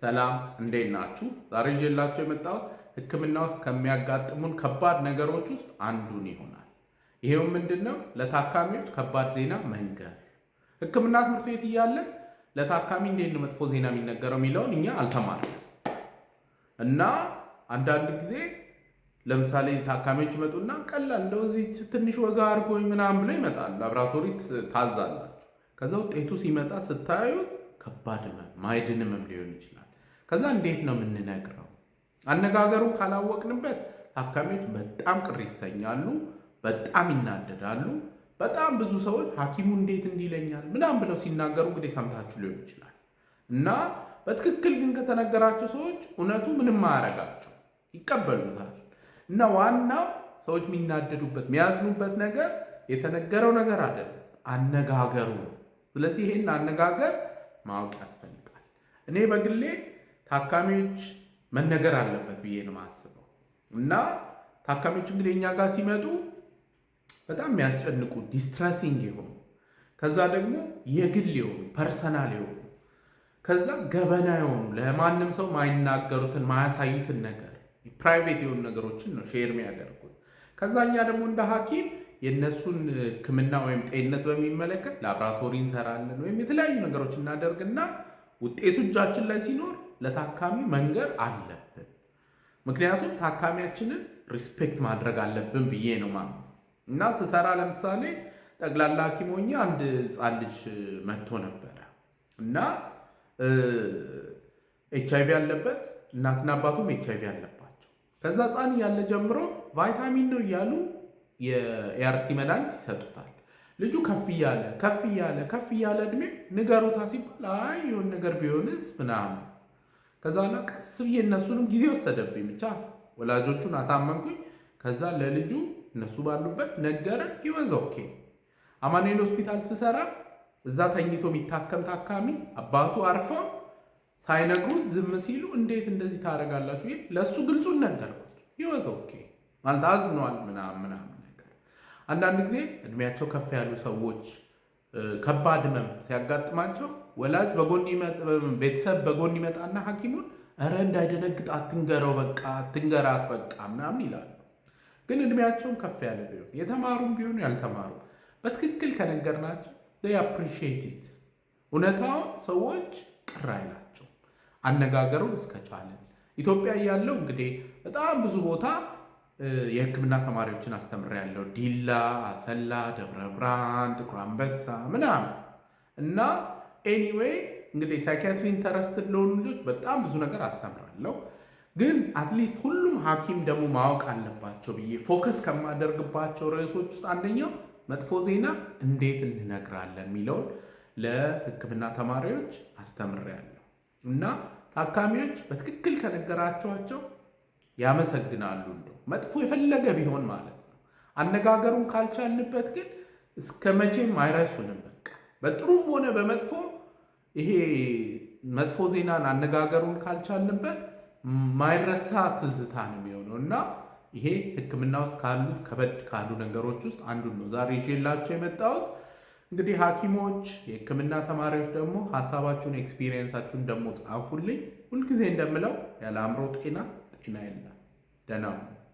ሰላም እንዴት ናችሁ? ዛሬ ይዤላችሁ የመጣሁት ሕክምና ውስጥ ከሚያጋጥሙን ከባድ ነገሮች ውስጥ አንዱን ይሆናል። ይሄውም ምንድን ነው? ለታካሚዎች ከባድ ዜና መንገር። ሕክምና ትምህርት ቤት እያለን ለታካሚ እንዴት ነው መጥፎ ዜና የሚነገረው የሚለውን እኛ አልተማርም እና አንዳንድ ጊዜ ለምሳሌ ታካሚዎች ይመጡና ቀላል እንደዚህ እዚህ ትንሽ ወጋ አድርጎኝ ምናምን ብሎ ይመጣል። ላብራቶሪ ታዛላችሁ። ከዛ ውጤቱ ሲመጣ ስታዩት ከባድ ህመም ማይድን ሊሆን ይችላል ከዛ እንዴት ነው የምንነግረው? አነጋገሩ ካላወቅንበት ታካሚዎች በጣም ቅር ይሰኛሉ፣ በጣም ይናደዳሉ። በጣም ብዙ ሰዎች ሐኪሙ እንዴት እንዲለኛል ምናምን ብለው ሲናገሩ እንግዲህ ሰምታችሁ ሊሆን ይችላል እና በትክክል ግን ከተነገራቸው ሰዎች እውነቱ ምንም አያረጋቸው ይቀበሉታል። እና ዋናው ሰዎች የሚናደዱበት የሚያዝኑበት ነገር የተነገረው ነገር አይደለም፣ አነጋገሩ። ስለዚህ ይህን አነጋገር ማወቅ ያስፈልጋል። እኔ በግሌ ታካሚዎች መነገር አለበት ብዬ ነው የማስበው። እና ታካሚዎች እንግዲህ እኛ ጋር ሲመጡ በጣም የሚያስጨንቁ ዲስትረሲንግ የሆኑ ከዛ ደግሞ የግል የሆኑ ፐርሰናል የሆኑ ከዛ ገበና የሆኑ ለማንም ሰው ማይናገሩትን ማያሳዩትን ነገር ፕራይቬት የሆኑ ነገሮችን ነው ሼር የሚያደርጉት። ከዛ እኛ ደግሞ እንደ ሐኪም የእነሱን ሕክምና ወይም ጤንነት በሚመለከት ላብራቶሪ እንሰራለን ወይም የተለያዩ ነገሮች እናደርግና ውጤቱ እጃችን ላይ ሲኖር ለታካሚ መንገር አለብን። ምክንያቱም ታካሚያችንን ሪስፔክት ማድረግ አለብን ብዬ ነው ማለት እና ስሰራ ለምሳሌ ጠቅላላ ሐኪም ሆኜ አንድ ህፃን ልጅ መጥቶ ነበረ እና ኤች አይቪ አለበት። እናትና አባቱም ኤች አይቪ አለባቸው። ከዛ ህፃን እያለ ጀምሮ ቫይታሚን ነው እያሉ የኤአርቲ መድኃኒት ይሰጡታል። ልጁ ከፍ እያለ ከፍ እያለ ከፍ እያለ እድሜ ንገሩታ ሲባል አይ የሆነ ነገር ቢሆንስ ምናምን ከዛ ላ ቀስ ብዬ እነሱንም ጊዜ ወሰደብኝ። ብቻ ወላጆቹን አሳመንኩኝ። ከዛ ለልጁ እነሱ ባሉበት ነገርን ይወዘ ኦኬ አማኑኤል ሆስፒታል ስሰራ እዛ ተኝቶ የሚታከም ታካሚ አባቱ አርፈው ሳይነግሩት ዝም ሲሉ እንዴት እንደዚህ ታደርጋላችሁ? ለእሱ ግልጹን ነገርኩት። ይወዘ ኦኬ ማለት አዝኗል ምናምን ምናምን ነገር። አንዳንድ ጊዜ እድሜያቸው ከፍ ያሉ ሰዎች ከባድ ህመም ሲያጋጥማቸው ወላጅ በጎን ቤተሰብ በጎን ይመጣና ሐኪሙን እረ እንዳይደነግጥ አትንገረው፣ በቃ አትንገራት፣ በቃ ምናምን ይላሉ። ግን እድሜያቸውን ከፍ ያለ ቢሆን የተማሩም ቢሆኑ ያልተማሩ በትክክል ከነገርናቸው አፕሪሺየት እውነታውን ሰዎች ቅር አይላቸው። አነጋገሩን እስከቻለን ኢትዮጵያ እያለው እንግዲህ በጣም ብዙ ቦታ የህክምና ተማሪዎችን ያለው ዲላ፣ አሰላ፣ ደብረ ብርሃን፣ ጥቁር አንበሳ ምናምን እና ኤኒዌይ እንግዲህ ሳይኪያትሪ ኢንተረስትድ ለሆኑ ልጆች በጣም ብዙ ነገር አስተምራለሁ። ግን አትሊስት ሁሉም ሐኪም ደግሞ ማወቅ አለባቸው ብዬ ፎከስ ከማደርግባቸው ርዕሶች ውስጥ አንደኛው መጥፎ ዜና እንዴት እንነግራለን የሚለውን ለሕክምና ተማሪዎች አስተምሬያለሁ እና ታካሚዎች በትክክል ከነገራቸኋቸው ያመሰግናሉ። እንደው መጥፎ የፈለገ ቢሆን ማለት ነው። አነጋገሩን ካልቻልንበት ግን እስከ መቼም አይረሱንም። በቃ በጥሩም ሆነ በመጥፎም ይሄ መጥፎ ዜናን አነጋገሩን ካልቻልንበት ማይረሳ ትዝታ ነው የሚሆነው እና ይሄ ሕክምና ውስጥ ካሉት ከበድ ካሉ ነገሮች ውስጥ አንዱ ነው ዛሬ ይዤላቸው የመጣሁት። እንግዲህ ሐኪሞች የሕክምና ተማሪዎች ደግሞ ሀሳባችሁን ኤክስፒሪየንሳችሁን ደግሞ ጻፉልኝ። ሁልጊዜ እንደምለው ያለ አእምሮ ጤና ጤና የለም። ደህና